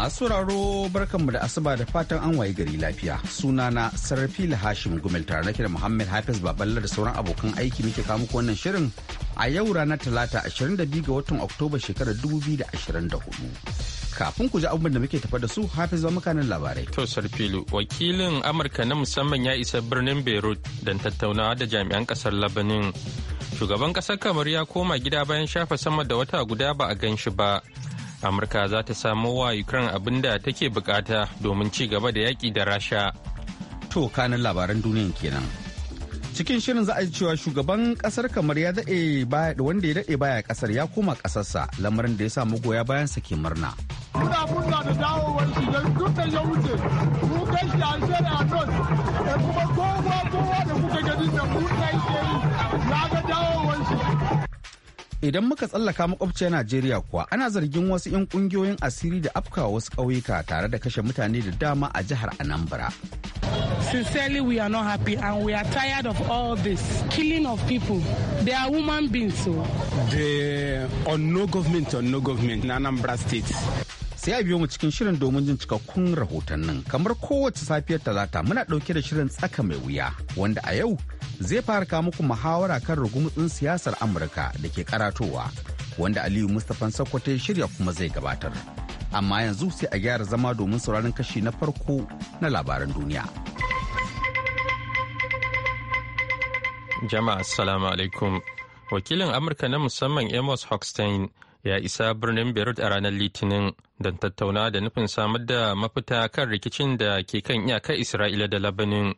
Masu sauraro barkanmu da asuba da fatan an waye gari lafiya. suna na Sarrafi Hashim Gumel tare da da Muhammad Hafiz Baballa da sauran abokan aiki muke kamo ko wannan shirin a yau ranar Talata 22 ga watan Oktoba shekarar 2024. Kafin ku ji abubuwan da muke tafa da su Hafiz ba makanan labarai. To Sarfilu, wakilin Amurka na musamman ya isa birnin Beirut don tattaunawa da jami'an kasar Labanin. Shugaban kasar kamar ya koma gida bayan shafa sama da wata guda ba a gan shi ba. amurka za ta samo wa ukraine abin da take bukata domin ci gaba da yaki da rasha to kanin labaran duniyan kenan cikin shirin za a yi cewa shugaban kasar kamar ya daɗe wanda ya daɗe baya kasar ya koma kasarsa lamarin da ya samu goya bayan sa ke murna muna da shi kuma kowa kowa da kuka gani da yi ya ga dawowar shi Idan muka tsallaka makwabciyar Najeriya kuwa ana zargin wasu 'yan kungiyoyin asiri da afka wasu ƙauyuka tare da kashe mutane da dama a jihar Anambra. Sincerely we are not happy and we are tired of all this killing of people. They are human beings so. The on no government on no government in Anambra state. sai a biyo mu cikin shirin domin jin cikakkun rahoton nan kamar kowace safiyar talata muna ɗauke da shirin tsaka mai wuya wanda a yau zai fara kawo muku muhawara kan rugumutsin siyasar amurka da ke karatowa wanda aliyu mustapha sokoto shirya kuma zai gabatar amma yanzu sai a gyara zama domin sauraron kashi na farko na labaran duniya jama'a assalamu alaikum wakilin amurka na musamman amos hockstein ya isa birnin Beirut a ranar Litinin don tattauna da nufin samar da mafita kan rikicin da ke kan iyakar Isra'ila da Labanin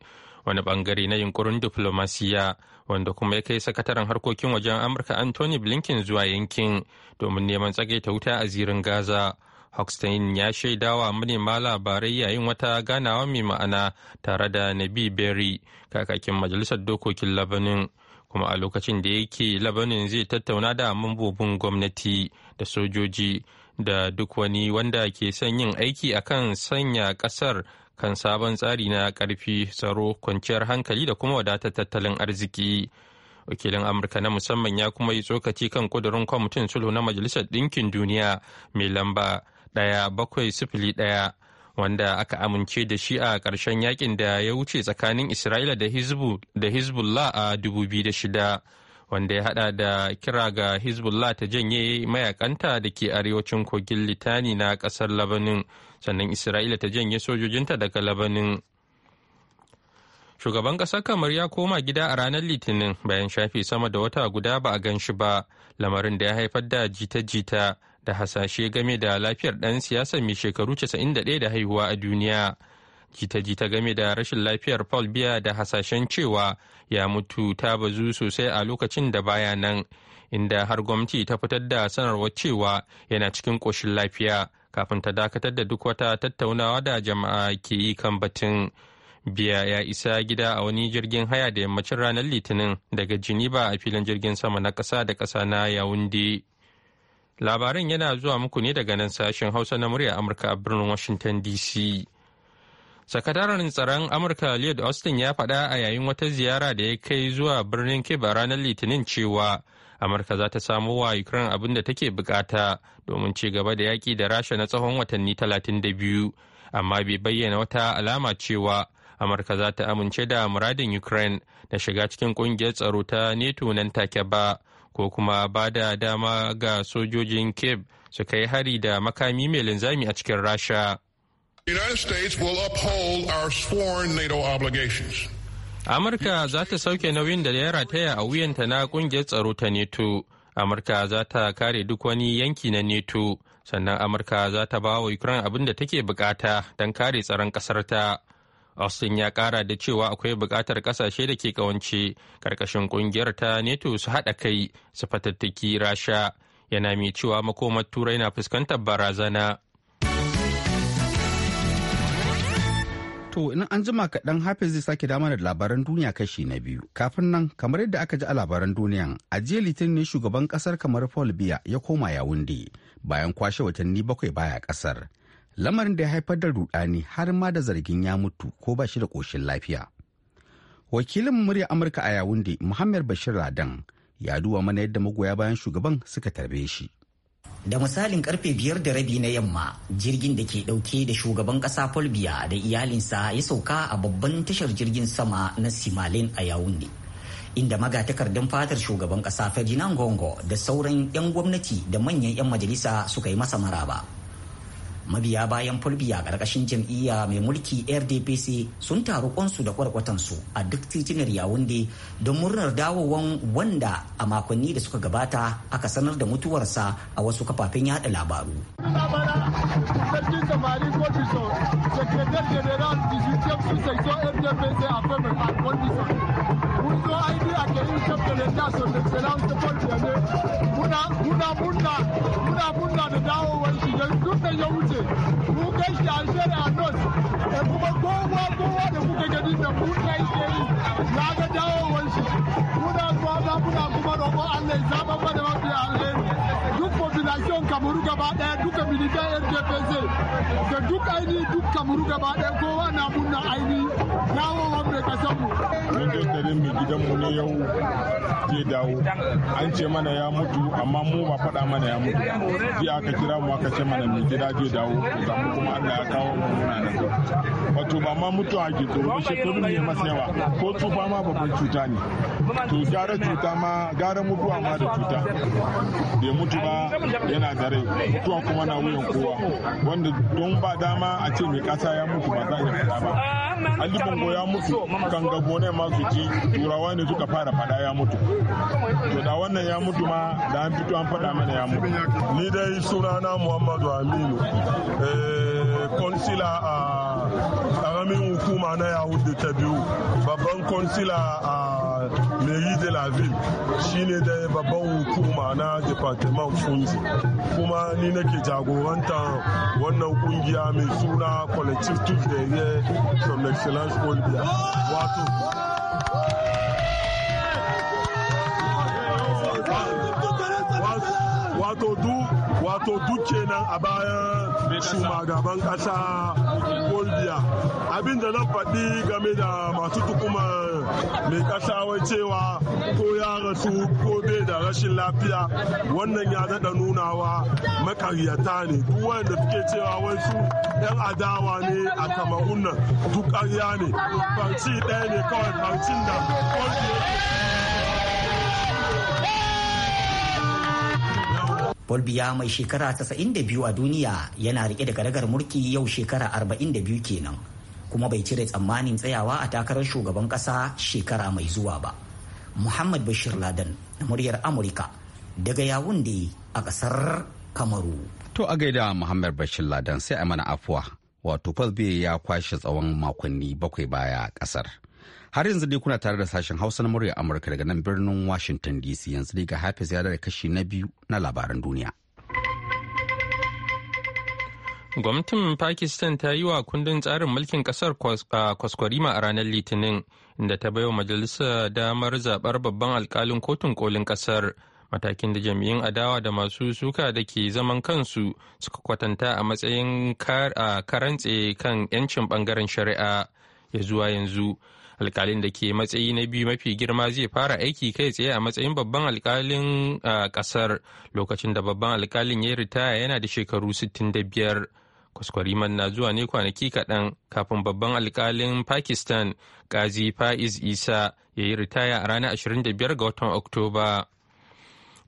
wani bangare na yunkurin diflomasiya wanda kuma ya kai sakataren harkokin wajen Amurka Anthony Blinken zuwa yankin domin neman tsagaita wuta a zirin Gaza. Hoxton ya shaidawa manema labarai yayin wata ganawa mai ma'ana tare da Nabi Berry kakakin Majalisar Dokokin Labanin. kuma a lokacin da yake labanin zai tattauna da mambobin gwamnati da sojoji da duk wani wanda ke son yin aiki a kan sanya kasar kan sabon tsari na karfi tsaro kwanciyar hankali da kuma wadatar tattalin arziki wakilin amurka na musamman ya kuma yi tsokaci kan kudurin kwamitin sulhu na majalisar ɗinkin duniya mai lamba ɗaya bakwai sifili ɗaya wanda aka amince da shi a ƙarshen yakin da ya wuce tsakanin isra'ila da hezbollah a 2006 wanda ya hada da kira ga hezbollah ta janye mayakanta da ke arewacin kogin litani na ƙasar labanin sannan isra'ila ta janye sojojinta daga labanin shugaban ƙasar kamar ya koma gida a ranar litinin bayan shafe sama da wata guda ba a gan shi ba lamarin da ya haifar da jita-jita da hasashe game da lafiyar ɗan siyasa mai shekaru 91 da haihuwa a duniya. Jita-jita game da rashin lafiyar Paul Biya da hasashen cewa ya mutu ta bazu sosai a lokacin da baya nan, inda har gwamnati ta fitar da sanarwar cewa yana cikin ƙoshin lafiya kafin ta dakatar da duk wata tattaunawa da jama'a ke yi kan batun. Biya ya isa gida a wani jirgin haya da yammacin ranar Litinin daga Geneva a filin jirgin sama na ƙasa da ƙasa na yawunde. Labaran yana zuwa muku ne daga nan sashen Hausa na murya Amurka a birnin Washington DC. Sakataren tsaron Amurka Lloyd Austin ya faɗa a yayin wata ziyara da ya kai zuwa birnin Kib a ranar Litinin cewa Amurka za ta samo wa Ukraine abin da take bukata domin ci gaba da yaki da Rasha na tsawon watanni 32, amma bai bayyana wata alama cewa Amurka za ta amince da muradin Ukraine na shiga cikin ƙungiyar tsaro ta NATO nan take ba. ko kuma ba da dama ga sojojin kiev su kai hari da makami mai linzami a cikin rasha amurka za ta sauke nauyin da ya rataya a wuyanta na kungiyar tsaro ta neto amurka za ta kare duk wani yanki na neto sannan amurka za ta ba wa ukraine abin da take bukata don kare tsaron kasarta Austin ya kara da cewa akwai buƙatar ƙasashe da ke ƙawance ƙarƙashin ƙungiyar ta NATO su haɗa kai su fatattaki Rasha yana mai cewa makomar Turai na fuskantar barazana. To in an jima kaɗan hafi zai sake dama da labaran duniya kashi na biyu. Kafin nan, kamar yadda aka ji a labaran duniyan, a jiya litinin shugaban ƙasar kamar Paul Biya ya koma Yawunde bayan kwashe watanni bakwai baya ƙasar. lamarin da ya haifar da rudani har ma da zargin ya mutu ko ba shi da koshin lafiya. Wakilin murya Amurka a Yawunde, Muhammad Bashir Radan, ya duba mana yadda magoya bayan shugaban suka tarbe shi. Da misalin karfe biyar da rabi na yamma, jirgin da ke dauke da shugaban kasa Folbiya da iyalinsa ya sauka a babban tashar jirgin sama na Simalin a Yawunde. Inda magatakardan fatar shugaban kasa Ferdinand Gongo da sauran 'yan gwamnati da manyan 'yan majalisa suka yi masa maraba. mabiya bayan fulbiya ƙarƙashin jam'iyya mai mulki rdpc sun taru kwansu da kwarkwatansu a duk titinar yawunde don murnar dawowan wanda a makonni da suka gabata aka sanar da mutuwarsa a wasu kafafen yada labaru a zo aini a ke yin da ta da excellence paul muna muna muna muna muna da dawowar shi ya wuce mu kai shi an a nos da kuma kowa kowa da kuka gani da mu kai yi ya ga dawowar shi muna kwana muna kuma roƙon allah ya zaba mana mafiya duk population kamaru gaba ɗaya duka militan ndpc da duk ainihin kamaru gaba ɗaya kowa na munna aini dawowar mai kasan mu. Rage mai gidanmu ne yau zai dawo. An ce mana ya mutu amma mu ba faɗa mana ya mutu. Jiya aka kira mu aka ce mana mai gida zai dawo. Ga mu kuma Allah ya kawo mu muna nan. Wato ba ma mutu a ke tsoro shekaru ne masa yawa ko tsufa ma babban cuta ne. To gara cuta ma gara mutuwa ma da cuta. Bai mutu ba yana da rai. Mutuwa kuma na wuyan kowa. Wanda don ba dama a ce mai kasa ya mutu ba za ya fada ba ali bongo ya mutu kan gabo ne ma su ci turawa ne suka fara fada ya mutu to da wannan ya mutu ma da an fito an fada mana ya mutu ni dai sunana muhammadu aminu eh konsila a ah, karamin hukuma na da ta biyu babban konsila a mairie de la ville shine da babban hukuma na departement funzi kuma ni nake jagoranta wannan kungiya mai suna collective tous derrière son excellence olbia wato wato duk wato duke nan a bayan shugaban kasa bolivia abin da na faɗi game da masu tukumar mai kasa wai cewa ko ya rasu ko bai da rashin lafiya wannan ya daɗa nunawa makaryata ne duk wanda suke cewa wai su yan adawa ne a kamarun nan duk ƙarya ne farci ɗaya ne kawai farcin da Paul mai shekara da biyu a duniya yana rike da gadagar mulki yau shekara biyu kenan kuma bai cire tsammanin tsayawa a takarar shugaban kasa shekara mai zuwa ba. Muhammad Bashir Laden na muryar Amurka daga yawun Yawunde a kasar Kamaru. To a gaida Muhammad Bashir Laden sai a mana afuwa wato Paul ya kwashe tsawon makonni bakwai baya a kasar. Har yanzu dai kuna tare da sashen Hausa na murya Amurka daga nan birnin Washington DC yanzu dai ga Hafiz ya da kashi na biyu na labaran duniya. Gwamnatin Pakistan ta yi wa kundin tsarin mulkin kasar kwaskwarima a ranar Litinin, inda ta baiwa majalisa damar zabar babban alkalin kotun kolin kasar. Matakin da jami'in adawa da masu suka da ke zaman kansu suka kwatanta a matsayin karantse kan 'yancin bangaren shari'a ya zuwa yanzu. alkalin da ke matsayi na biyu mafi girma zai fara aiki kai tsaye a matsayin babban alkalin kasar lokacin da babban alkalin ya ritaya yana da shekaru 65 kwaskwariman na zuwa ne kwanaki kaɗan kafin babban alkalin pakistan kazi faiz isa ya yi ritaya a ranar 25 ga watan oktoba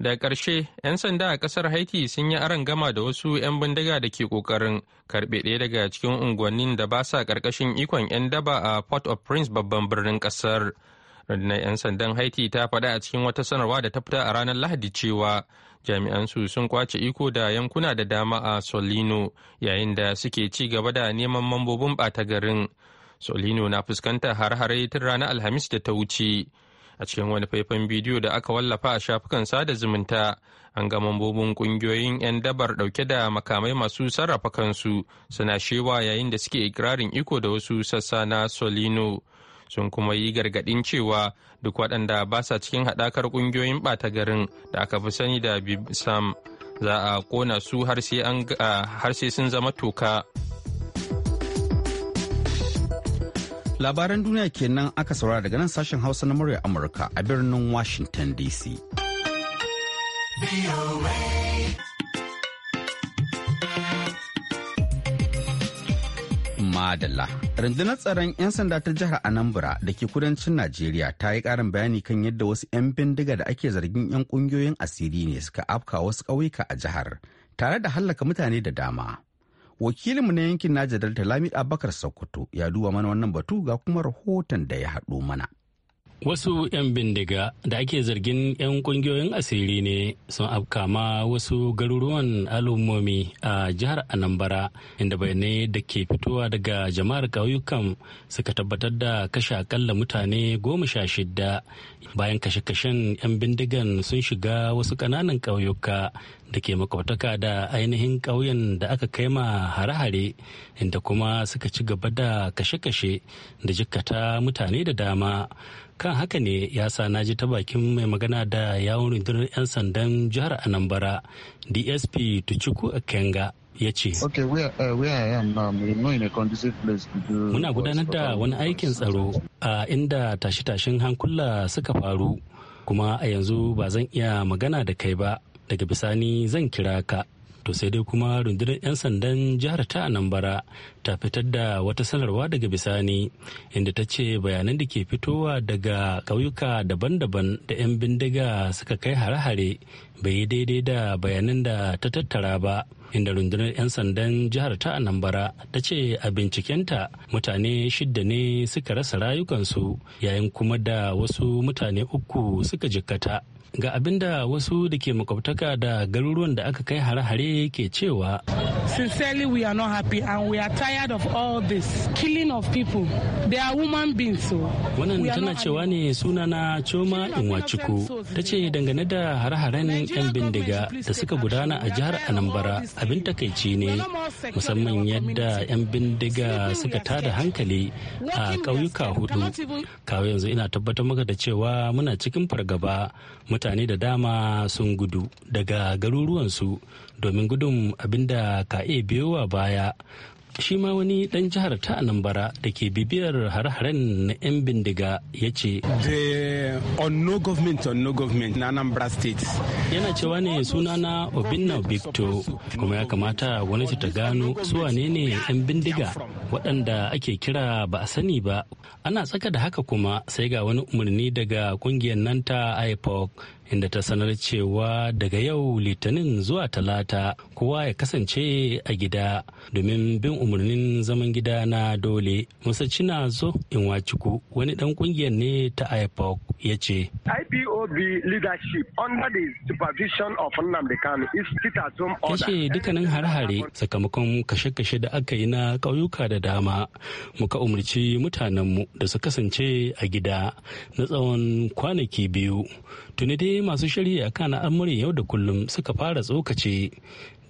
da ƙarshe 'yan sanda a ƙasar haiti sun yi aron gama da wasu 'yan bindiga da ke ƙoƙarin karɓe ɗaya daga cikin unguwannin da ba sa ƙarƙashin ikon 'yan daba a port au prince babban birnin ƙasar rundunar 'yan sandan haiti ta faɗa a cikin wata sanarwa da ta fita a ranar lahadi cewa jami'an su sun kwace iko da yankuna da dama a solino yayin da suke ci gaba da neman mambobin ɓata garin solino na fuskantar har-hare tun ranar alhamis da ta wuce a cikin wani faifan bidiyo da aka wallafa a shafukan sada zumunta an ga mambobin kungiyoyin 'yan dabar dauke da makamai masu sarrafa kansu suna shewa yayin da suke ikirarin iko da wasu sassa na solino sun kuma yi gargadin cewa duk waɗanda ba sa cikin haɗakar ƙungiyoyin ɓata garin da aka fi sani da bisam za a kona su har sai sun zama toka. Labaran duniya kenan aka saurara daga nan sashen Hausa na murya Amurka a birnin Washington DC. Madalla. Rundunar tsaron 'yan sanda ta jihar Anambra da ke kudancin Najeriya ta yi ƙarin bayani kan yadda wasu 'yan bindiga da ake zargin 'yan ƙungiyoyin asiri ne suka afka wasu ƙauyuka a jihar, tare da hallaka mutane da dama. wakilinmu na yankin Naja Delta lami Abakar Sokoto ya duba mana wannan batu ga kuma rahoton da ya haɗo mana. Wasu 'yan bindiga da ake zargin 'yan ƙungiyoyin asiri ne sun afkama wasu garuruwan al'ummomi a jihar Anambra inda bayanai da ke fitowa daga jama'ar ƙauyukan suka tabbatar da kashe akalla mutane goma sha shidda bayan kashe-kashen 'yan bindigan sun shiga wasu ƙananan ƙauyuka da ke makwataka da ainihin ƙauyen da aka kai ma hare-hare inda kuma suka ci gaba da kashe-kashe da jikkata mutane da dama kan haka ne ya sa na ji ta bakin mai magana da yawon rundunar 'yan sandan jihar anambra dsp tuchuku kenga ya ce uh, um, muna gudanar da wani aikin tsaro a inda tashe-tashen hankula suka faru kuma a yanzu ba zan iya magana da kai ba daga bisani zan kira ka to sai dai kuma rundunar 'yan sandan jihar ta anambra ta fitar da wata sanarwa daga bisani inda ta ce bayanan da ke fitowa daga ƙauyuka daban-daban da 'yan bindiga suka kai hare-hare bai yi daidai da bayanan da ta tattara ba inda rundunar 'yan sandan jihar ta anambra ta ce a bincikenta mutane shidda ne suka rasa rayukansu yayin kuma da wasu mutane uku suka jikkata Ga abinda wasu da ke makwabtaka da garuruwan da aka kai hare-hare ke cewa. Sincerely, we are not happy and we are tired of all this killing of people. They are human beings. So Wannan tana cewa ne sunana Choma Inwachuku ta ce dangane da hare-haren 'yan bindiga da suka gudana a jihar Anambra abin takaici ne musamman yadda 'yan bindiga suka tada hankali a ƙauyuka hudu. Kawo yanzu ina tabbatar maka da cewa muna cikin fargaba mutane da dama sun gudu daga garuruwansu domin gudun abinda ka iya biyowa baya shi ma wani dan jihar ta anambra da ke bibiyar hare-haren na 'yan bindiga ya ce the on no government on government na anambra state yana cewa ne sunana obinna victor kuma ya kamata gwamnati ta gano su wanene ne 'yan bindiga waɗanda ake kira ba a sani ba ana tsaka da haka kuma sai ga wani umarni daga kungiyar nan ta ipoc inda ta sanar cewa daga yau litinin zuwa talata kowa ya kasance a gida domin bin umarnin zaman gida na dole musa cina zo in waciku wani dan kungiyar ne ta ipoc ya ce IOB leadership under the supervision of Nnamdi Kanu is sit at home order. Kashe dukkanin har-hare sakamakon kashe-kashe da aka yi na ƙauyuka da dama muka umarci mutanenmu da su kasance a gida na tsawon kwanaki biyu. Tuni dai masu a kan al'amuran yau da kullum suka fara tsokace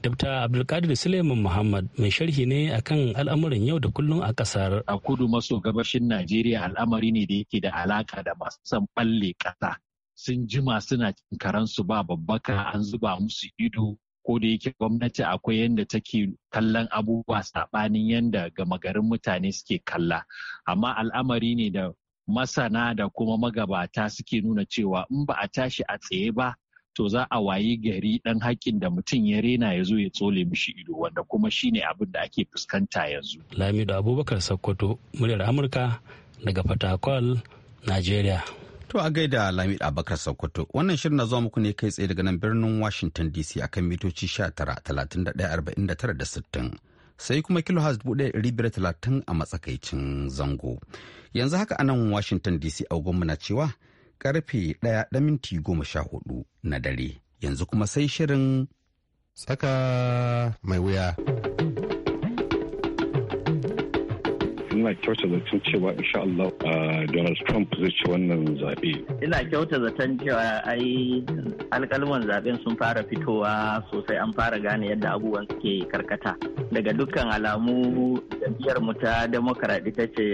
Dr. Abdulkadir Suleiman Muhammad mai sharhi ne akan al'amuran yau da kullum a kasar. A kudu maso gabashin Najeriya al'amari ne da yake da alaka da masu son balle kasa sun jima suna cin su ba babbaka an zuba musu ido ko da yake gwamnati akwai yadda take kallon abubuwa saɓanin yadda gama garin mutane suke kalla amma al'amari ne da masana da kuma magabata suke nuna cewa in ba a tashi a tsaye ba to za a wayi gari ɗan haƙƙin da mutum ya rena ya zo ya tsole mishi ido wanda kuma shine abin da ake fuskanta yanzu. Lamido Abubakar Sokoto, muryar Amurka daga Fatakwal, Najeriya. To a gaida Lamid Abakar Sokoto wannan shirin na zuwa muku ne kai tsaye daga nan birnin Washington DC a kan mitoci 19 sai kuma kilohaz 1530 a matsakaicin zango. Yanzu haka anan Washington DC agogonmu na cewa karfe 1 da minti 14 na dare. Yanzu kuma sai shirin tsaka mai wuya. ina kyauta zaton cewa insha Allah uh, Donald Trump zai ci wannan zaɓe. Ina kyauta zaton cewa ai alkalman zaɓen sun fara fitowa sosai an fara gane yadda abubuwan suke karkata. Daga dukkan alamu jam'iyyar mu ta Democrat ita ce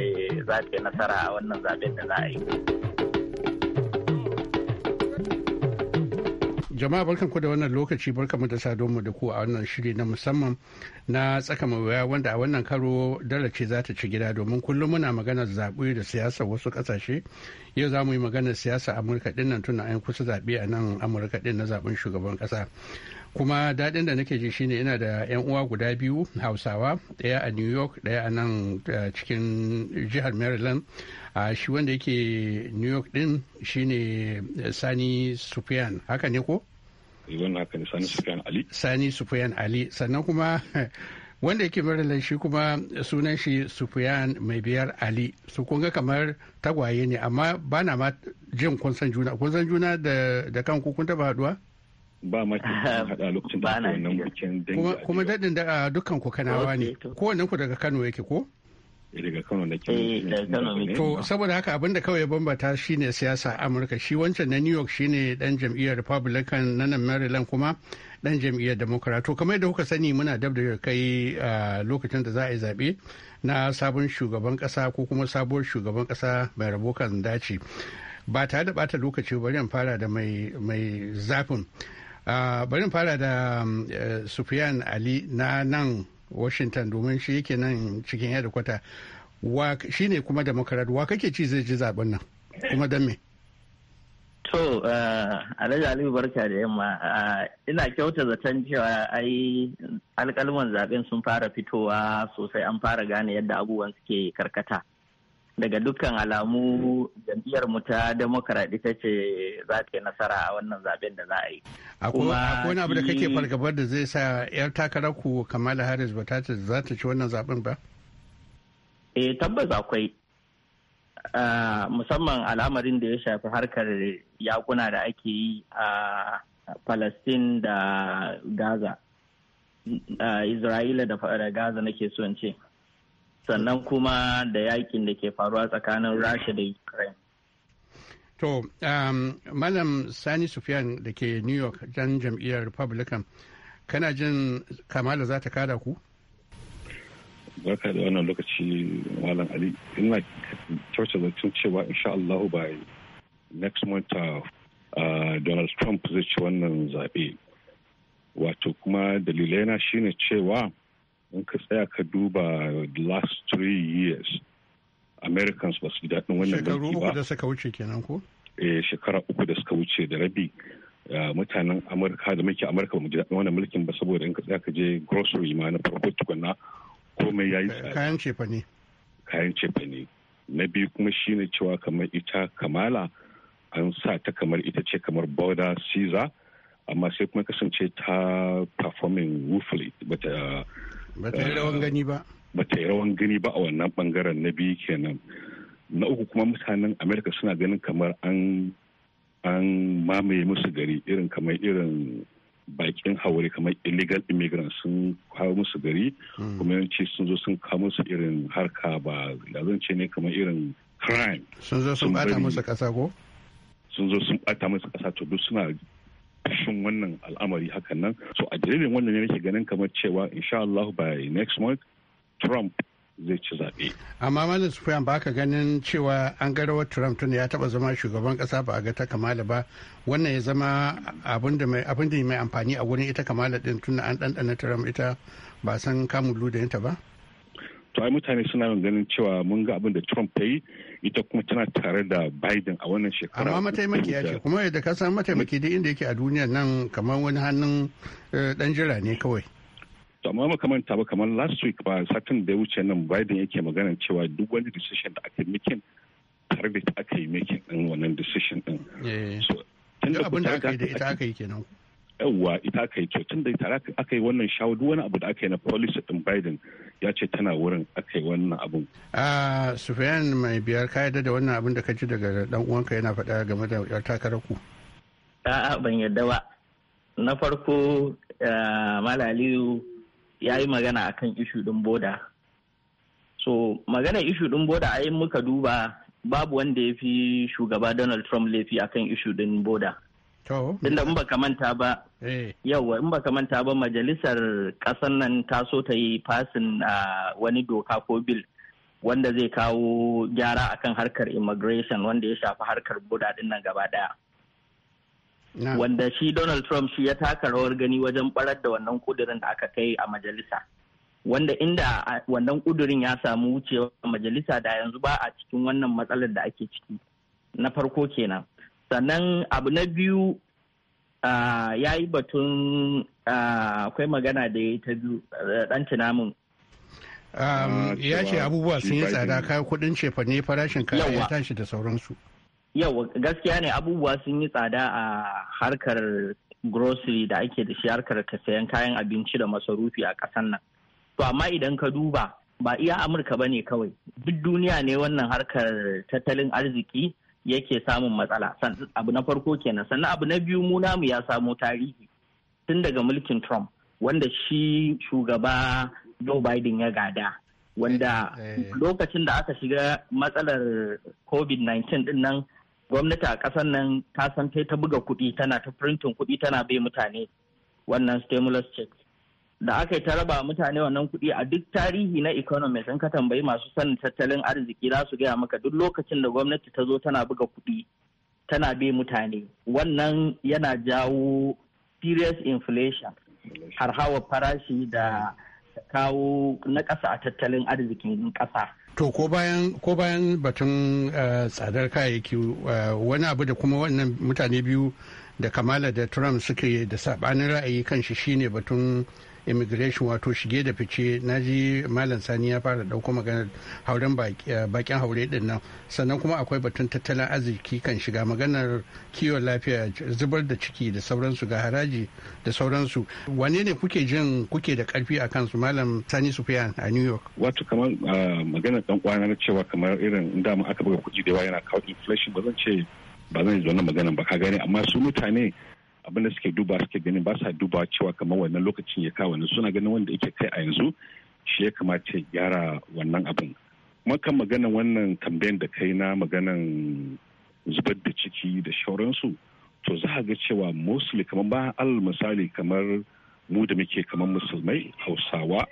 za ta nasara a wannan zaɓen da za a yi. jama'a barkanku da wannan lokaci barkanmu da mu da ku a wannan shiri na musamman na tsaka mawuya wanda a wannan karo dala ce za ta ci gida domin kullum muna maganar zaɓe da siyasa wasu ƙasashe yau za mu yi maganar siyasa amurka ɗin nan tuna kusa zaɓe a nan amurka ɗin na zaɓen shugaban ƙasa kuma daɗin da nake ji shine ina da 'yan uwa guda biyu hausawa ɗaya a new york ɗaya a nan cikin jihar maryland a shi wanda yake new york ɗin shine sani sufiyan haka ne ko eh, sani sufiyan ali sannan kuma wanda yake maryland shi kuma sunan shi sufiyan mai biyar ali su kunga kamar tagwaye ne amma ba na ma jin kun san juna kun san juna da kanku kun taba haduwa ba ma hada lokacin da nan bikin kuma daɗin da ah, dukkan ku kanawa ne wannan ku daga Kano yake ko eh, daga Kano ke eh, to saboda haka abin da kawai bambata shine siyasa Amurka shi wancan na New York shine dan jam'iyyar Republican na nan Maryland kuma dan jam'iyyar Democrat to kamar yadda kuka sani muna dab da kai ah, lokacin da za a yi zabe na sabon shugaban kasa ko kuma sabuwar shugaban kasa mai rabo kan dace ba tare da bata lokaci bari in fara da mai zafin Ah, bari fara da um, eh, Sufyan Ali na nan Washington domin shi yake nan cikin wa Shi ne kuma demokrat wa kake ci zai ji zaben nan kuma don me? To, ah, Alhaji Aliyu barka da yamma. Ah, ina kyauta zaton cewa ai alkalman zaben sun fara fitowa sosai an fara gane yadda abubuwan suke karkata. daga dukkan alamu jam'iyyar mu ta democrat ita ce za ta yi nasara a wannan zaben da za a yi akwai wani abu da kake fargabar da zai sa yar takarar ku kamala harris ba ta za ta ci wannan zaben ba eh tabbas akwai ah, musamman al'amarin da ya shafi harkar yakuna da ake yi a palestine da gaza ah, isra'ila da gaza nake so in ce sannan kuma da yakin da ke faruwa tsakanin rasha da ukraine to um, malam sani sufyan da ke new york dan jam'iyyar republican kana jin kamala za ta kada ku barka da wannan lokaci malam ali ina kyauta zancen cewa insha allahu by next month uh, uh, donald trump zai ci wannan zaɓe wato kuma dalilai na shine cewa in ka tsaya ka duba the last three years americans ba su daɗin wannan ba shekaru uku da suka wuce kenan ko eh shekara uku da suka wuce da rabi mutanen amurka da muke amurka ba mu ji daɗin wannan mulkin ba saboda in ka tsaya ka je grocery ma na farko tukunna komai ya yi kayan cefa ne kayan cefa ne na biyu kuma shine cewa kamar ita kamala an sa ta kamar ita ce kamar border caesar amma sai kuma kasance ta performing woefully ba ta yi rawan gani ba ba ta yi rawan gani ba a wannan bangaren na biyu kenan na uku kuma mutanen amerika suna ganin kamar an an mamaye musu gari irin kamar irin bakin haure kamar illegal immigrants sun kawo musu gari hmm. kuma yawanci sun zo sun kawo musu irin harka ba da zan ce ne kamar irin crime sun zo sun bata musu kasa ko sun zo sun bata musu kasa to duk suna shin wannan al'amari hakan nan so a dalilin wannan ne nake ganin kamar cewa insha Allah by next month Trump zai ci zaɓe. Amma Malam Sufyan ba ka ganin cewa an garawar Trump tun ya taɓa zama shugaban ƙasa ba a ga ta Kamala ba wannan ya zama abin da mai amfani a wurin ita Kamala din tun an ɗanɗana Trump ita ba san kamun ludayinta ba? To ai mutane suna ganin cewa mun ga abin da Trump ta yi ita kuma tana tare da Biden a wannan shekara. Amma mataimaki ya ce kuma yadda ka san mataimaki duk inda yake a duniya nan kamar wani hannun dan eh, jira ne kawai. amma makamanta ba kamar last week ba satin da ya wuce nan Biden yake magana cewa duk wani decision da aka yi mikin tare da aka yi mikin din wannan decision din. Eh. Duk abin da aka yi da ita aka yi kenan. yawwa ita aka yi to tun da tare aka yi wannan shawo duk wani abu da aka yi na policy din Biden ya ce tana wurin aka yi wannan abun. Ah Sufyan mai biyar ka da wannan abun da ka ji daga dan uwanka yana faɗa game da yar takarar ku. A'a ban yarda ba. Na farko eh, Malaliyu ya yi magana akan ishu din boda. So magana ishu din boda a muka duba babu wanda ya fi shugaba Donald Trump laifi akan ishu din boda. Tunda in baka manta ba, eh. yauwa in baka manta ba majalisar ƙasar nan ta so ta yi fasin a wani doka ko bil wanda zai kawo gyara akan harkar immigration wanda ya shafi harkar budadin nan gaba daya. Wanda shi Donald Trump shi ya taka rawar gani wajen barar da wannan kudirin da aka kai a majalisa. Wanda inda wannan kudirin ya samu wucewa majalisa da yanzu ba a cikin wannan matsalar da ake ciki. Na farko kenan. sannan abu na biyu ya yi batun akwai magana da ya ta biyu dan tunamin ah, ya ce abubuwa sun yi tsada kayan kudin cefane farashin kaya ya tashi da sauransu yau gaskiya ne abubuwa sun yi tsada a harkar grocery da ake da shi harkar ka kayan abinci da masarufi a ƙasar nan to amma idan ka duba ba iya amurka ba ne kawai duk duniya ne wannan harkar tattalin arziki yake samun matsala abu na farko kenan sannan abu na biyu mu namu ya samo tarihi tun daga mulkin trump wanda shi shugaba joe biden ya gada wanda eh, eh. lokacin da aka shiga matsalar covid-19 din nan gwamnati a ƙasar nan ta san ta buga kuɗi tana ta printin kuɗi tana bai mutane wannan stimulus checks da aka yi ta raba mutane wannan kuɗi a duk tarihi na economist sun ka tambayi masu sanin tattalin arziki za su gaya maka duk lokacin da gwamnati ta zo tana buga kuɗi tana bi mutane wannan yana jawo serious inflation har hawa farashi da kawo na ƙasa a tattalin arzikin ƙasa. To ko bayan ko bayan batun eh, tsadar kayayyaki eh, wani abu da kuma wannan mutane biyu da Kamala da Trump suke da sabanin ra'ayi kan shi shine batun immigration wato shige da fice na ji malam sani ya fara dauko maganar hauren eh, bakin haure din nan sannan kuma akwai batun tattalin arziki kan shiga maganar kiwon lafiya zubar da ciki da sauransu ga haraji da sauransu wane ne kuke jin kuke da karfi a kansu malam sani sufiyan a new york wato kamar ah, maganar dan na cewa kamar irin dama aka buga kuɗi da yawa yana kawo inflation ba zan ce ba zan yi wannan maganar ba ka gane amma su mutane abin da suke duba suke ganin ba sa duba cewa kamar wannan lokacin ya kawo suna ganin wanda yake kai a yanzu shi ya kamata ya gyara wannan abin kuma kan maganan wannan kamben da kai na maganan zubar da ciki da shauransu to za a ga cewa mostly kamar ba al misali kamar mu da muke kamar musulmai hausawa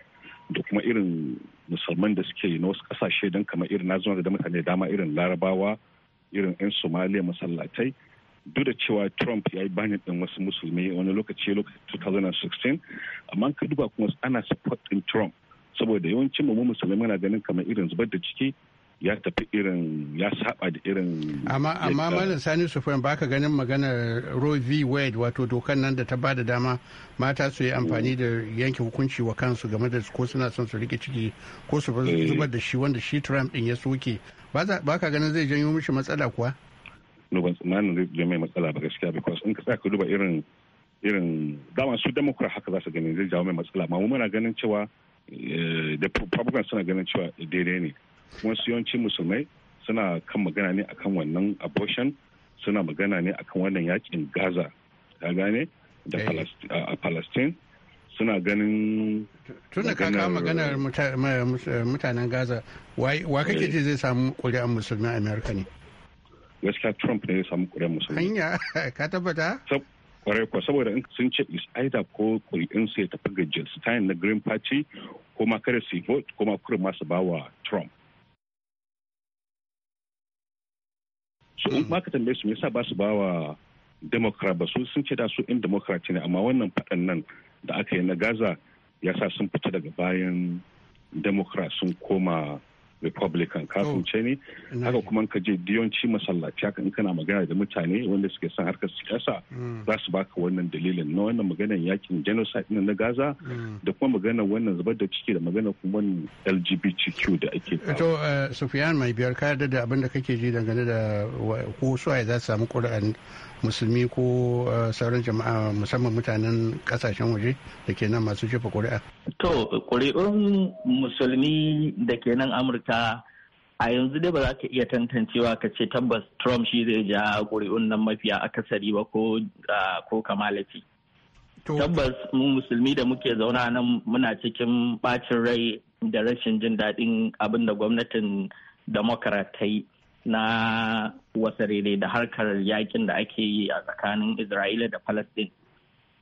da kuma irin musulman da suke na wasu kasashe don kamar irin na zuwa da mutane dama irin larabawa irin 'yan somaliya masallatai duk da cewa trump ya yi bani ɗin wasu musulmi wani lokaci lokacin 2016 amma ka duba kuma ana support ɗin trump saboda yawancin mu musulmi muna ganin kamar irin zubar da ciki ya tafi irin ya saba da irin amma amma malam sani sufan baka ganin maganar roe v wade wato dokan nan da ta bada dama mata su yi amfani da yanke hukunci wa kansu game da ko suna son su rike ciki ko su eh. zubar da shi wanda shi trump din ya soke ba ka ganin zai janyo mishi matsala kuwa no ban tsammanin zai mai matsala ba gaskiya because in ka sa ka duba irin irin dama su democrat haka za su gani zai jawo mai matsala amma muna ganin cewa da eh, republican suna ganin cewa daidai ne kuma su yawanci musulmai suna kan magana ne akan wannan abortion suna magana ne akan wannan yakin gaza ka gane da eh. palestine suna ganin tun da kaka maganar mutanen gaza wa kake ce eh. zai samu kuri'an musulmi america ne gaskiya trump ne ya samu kuri'ar musulmi hanya ka tabbata kwarai kuwa saboda in sun ce is either ko kuri'in su ya tafi ga jill stein na green party ko ma kare su vote ko ma kuri masu ba wa trump so in ma ka tambaye su me yasa ba su ba wa democrat ba su sun ce da su in democrat ne amma wannan faɗan nan da aka yi na gaza ya sa sun fita daga bayan democrat sun koma republican ce ne haka kuma ka je diyonci masallaci haka in kana magana da mutane wanda suke son harkar siyasa mm. za su baka wannan dalilin na wannan maganar yakin genocide na gaza mm. da kuma maganar wannan zubar da ciki da maganar kuma lgbtq da ake to eh, sufiyan mai biyar ka yarda da abin da kake ji dangane da ko suwaye za su samu ƙuri'an musulmi ko eh, sauran jama'a musamman mutanen kasashen waje da ke nan masu jefa ƙuri'a? To, ƙuri'un musulmi da ke nan Amurka a yanzu dai ba za ka iya tantancewa ka ce tabbas Trump shi zai ja ƙuri'un nan mafiya akasari ba ko eh, ko kamalaci. Tabbas mu musulmi da muke zauna nan muna cikin ɓacin rai da rashin jin daɗin abin da gwamnatin Democrat ta yi na wasarere da harkar yakin da ake yi a tsakanin isra'ila da palestine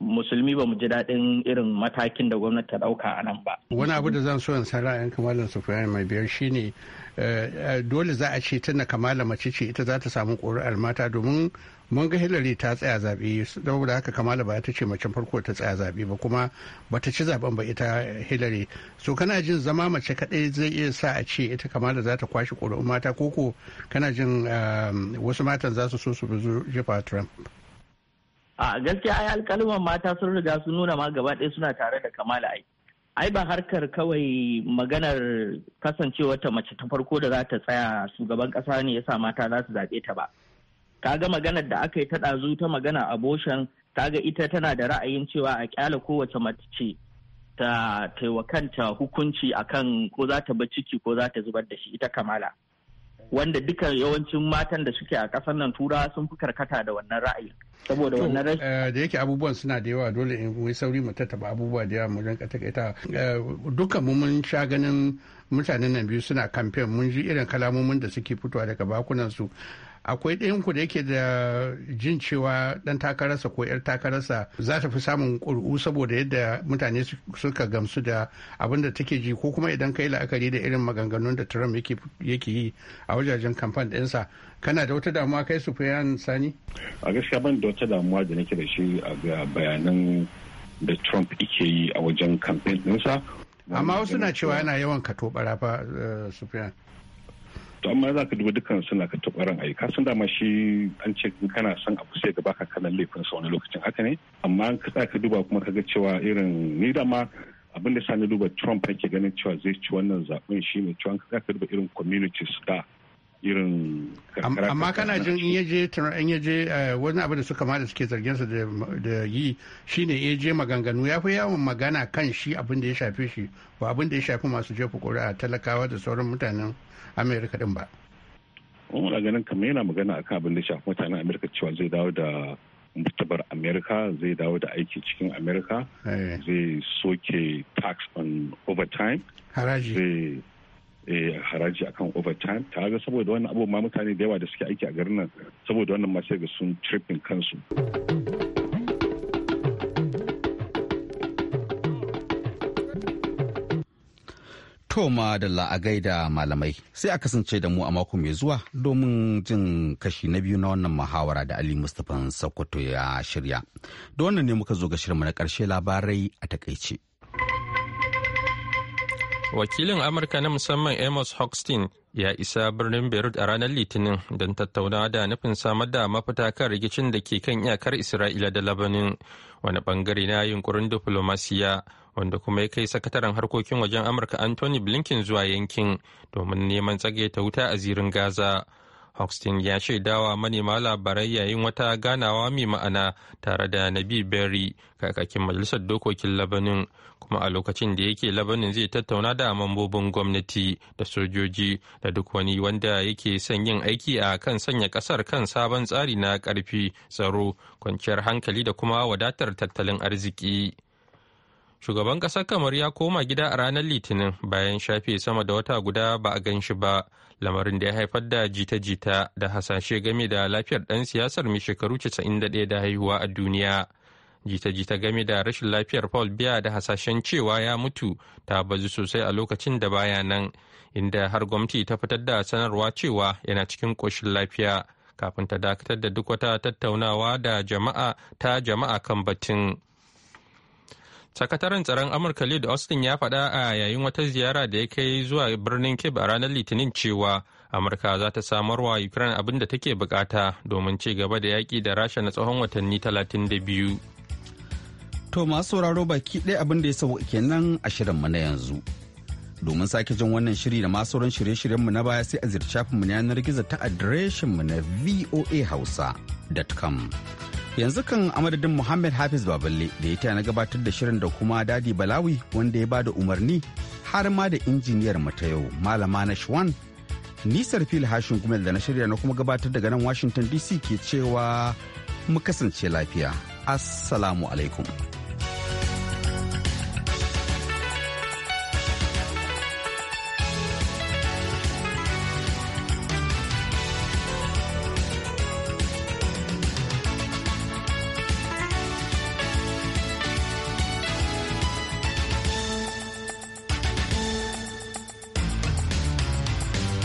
musulmi ba mu ji daɗin irin matakin da gwamnati ta ɗauka a nan ba. Wani abu da zan so in san ra'ayin Kamalan Sufyan mai biyar shine eh, eh, dole za a ce tunda Kamala mace ce ita za ta samu ƙuri'ar mata domin mun ga hillary ta tsaya zaɓe saboda haka kamala ba ta ce macen farko ta tsaya zaɓe ba kuma ba ta ci zaɓen ba ita hillary so kana jin zama mace kaɗai zai iya sa a ce ita kamala za ta kwashe ƙuri'un mata koko kana jin um, wasu matan za su so su jefa trump a gaskiya ai alkalman mata sun riga su nuna ma gaba ɗaya suna tare da kamala ai ai ba harkar kawai maganar kasancewar ta mace ta farko da za ta tsaya shugaban ƙasa ne yasa mata za su zaɓe ta ba ga maganar da aka yi ta ɗazu ta magana ta kaga ita tana da ra'ayin cewa a kyala kowace mace ta taimakanta hukunci akan ko za ta bar ciki ko za ta zubar da shi ita kamala wanda duka yawancin matan da suke a ƙasar nan tura sun fi karkata da wannan ra'ayi saboda wannan rashin eh, da yake abubuwan suna da yawa dole in wai sauri mu tattaba abubuwa da yawa mu rinka takaita eh, dukkan mu mun sha ganin mutanen nan biyu suna kamfen mun ji irin kalamomin da suke fitowa daga bakunan su akwai ɗayan ku da yake da jin cewa ɗan takararsa ko 'yar takararsa za ta fi samun ƙuri'u saboda yadda mutane suka gamsu da abin da take ji ko kuma idan ka yi la'akari da irin maganganun da Trump yake yi a wajajen kamfan ɗinsa kana da wata damuwa kai su sani? A gaskiya ban da wata damuwa da nake da shi a bayanan da Trump yake yi a wajen kamfen ɗinsa. Amma wasu na cewa yana yawan kato barafa eh, Sufiyan. to amma za ka duba dukkan suna ka tukwaran ayi kasan dama shi an ce kana son abu sai ka baka kanan laifin sa wani lokacin haka ne amma an ka ka duba kuma ka ga cewa irin ni dama abin da sani duba Trump ke ganin cewa zai ci wannan zaben shi ne cewa ka ka duba irin communities da irin amma kana jin in yaje in je eh, wani abu da suka ma da suke zargin sa da yi shine ya je maganganu ya fi yawon magana kan shi abin da ya shafe shi ba abin da ya shafi masu jefa ƙuri'a talakawa da sauran mutanen amerika din ba muna ganin kamar yana magana a abin da shafi mutanen amerika cewa zai dawo da mutabar amerika zai dawo da aiki cikin amerika eh. zai soke tax on overtime haraji zai eh, haraji akan overtime ta ga saboda wannan abubuwa mutane da yawa da suke aiki a garin nan saboda wannan masu yaga sun tripping kansu koma da la'agai da malamai sai a kasance da mu a mako mai zuwa domin jin kashi na biyu na wannan muhawara da Ali Mustapha Sokoto ya shirya. Da wannan ne muka zo ga shirinmu na karshe labarai a takaice. Wakilin Amurka na musamman Amos Hochstein ya isa birnin Beirut a ranar Litinin don tattaunawa da nufin samar da mafita kan rikicin da ke kan iyakar Isra'ila da Labanin wani bangare na yunkurin diflomasiya wanda kuma ya kai sakataren harkokin wajen amurka anthony blinken zuwa yankin domin neman tsage ta wuta a zirin gaza hoxton ya shaidawa manema labarai yayin wata ganawa mai ma'ana tare da nabi berry kakakin majalisar dokokin labanin kuma a lokacin da yake labanin zai tattauna da mambobin gwamnati da sojoji da duk wani wanda yake son yin aiki a kan sanya kasar kan sabon tsari na karfi tsaro kwanciyar hankali da kuma wadatar tattalin arziki. shugaban ƙasar kamar ya koma gida a ranar litinin bayan shafe sama da wata guda ba a gan shi ba lamarin da ya haifar da jita-jita da hasashe game da lafiyar ɗan siyasar mai shekaru 91 da haihuwa a duniya jita-jita game da rashin lafiyar paul biya da hasashen cewa ya mutu ta bazu sosai a lokacin da baya nan inda har gwamnati ta fitar da sanarwa cewa yana cikin ƙoshin lafiya kafin ta dakatar da duk wata tattaunawa da jama'a ta jama'a kan batun. sakataren tsaron amurka lead austin ya faɗa a yayin wata ziyara da ya kai zuwa birnin kib a ranar litinin cewa amurka za ta samar wa ukraine abin da take bukata domin ci gaba da yaƙi da rasha na tsawon watanni 32 to masu sauraro baki ɗaya abin da ya sauka kenan a shirinmu na yanzu domin sake jin wannan shiri da masu sauran shirye-shiryenmu na baya sai a ziyarci shafinmu na yanar gizo ta adireshinmu na voa voahausa.com yanzu kan amadadin muhammad hafiz baballe da ya na gabatar da shirin da kuma dadi balawi wanda ya bada umarni har ma da injiniyar mu ta yau malama na shwan nisar fil hashin gumel da na shirya na kuma gabatar daga nan washington dc ke cewa mu kasance lafiya assalamu alaikum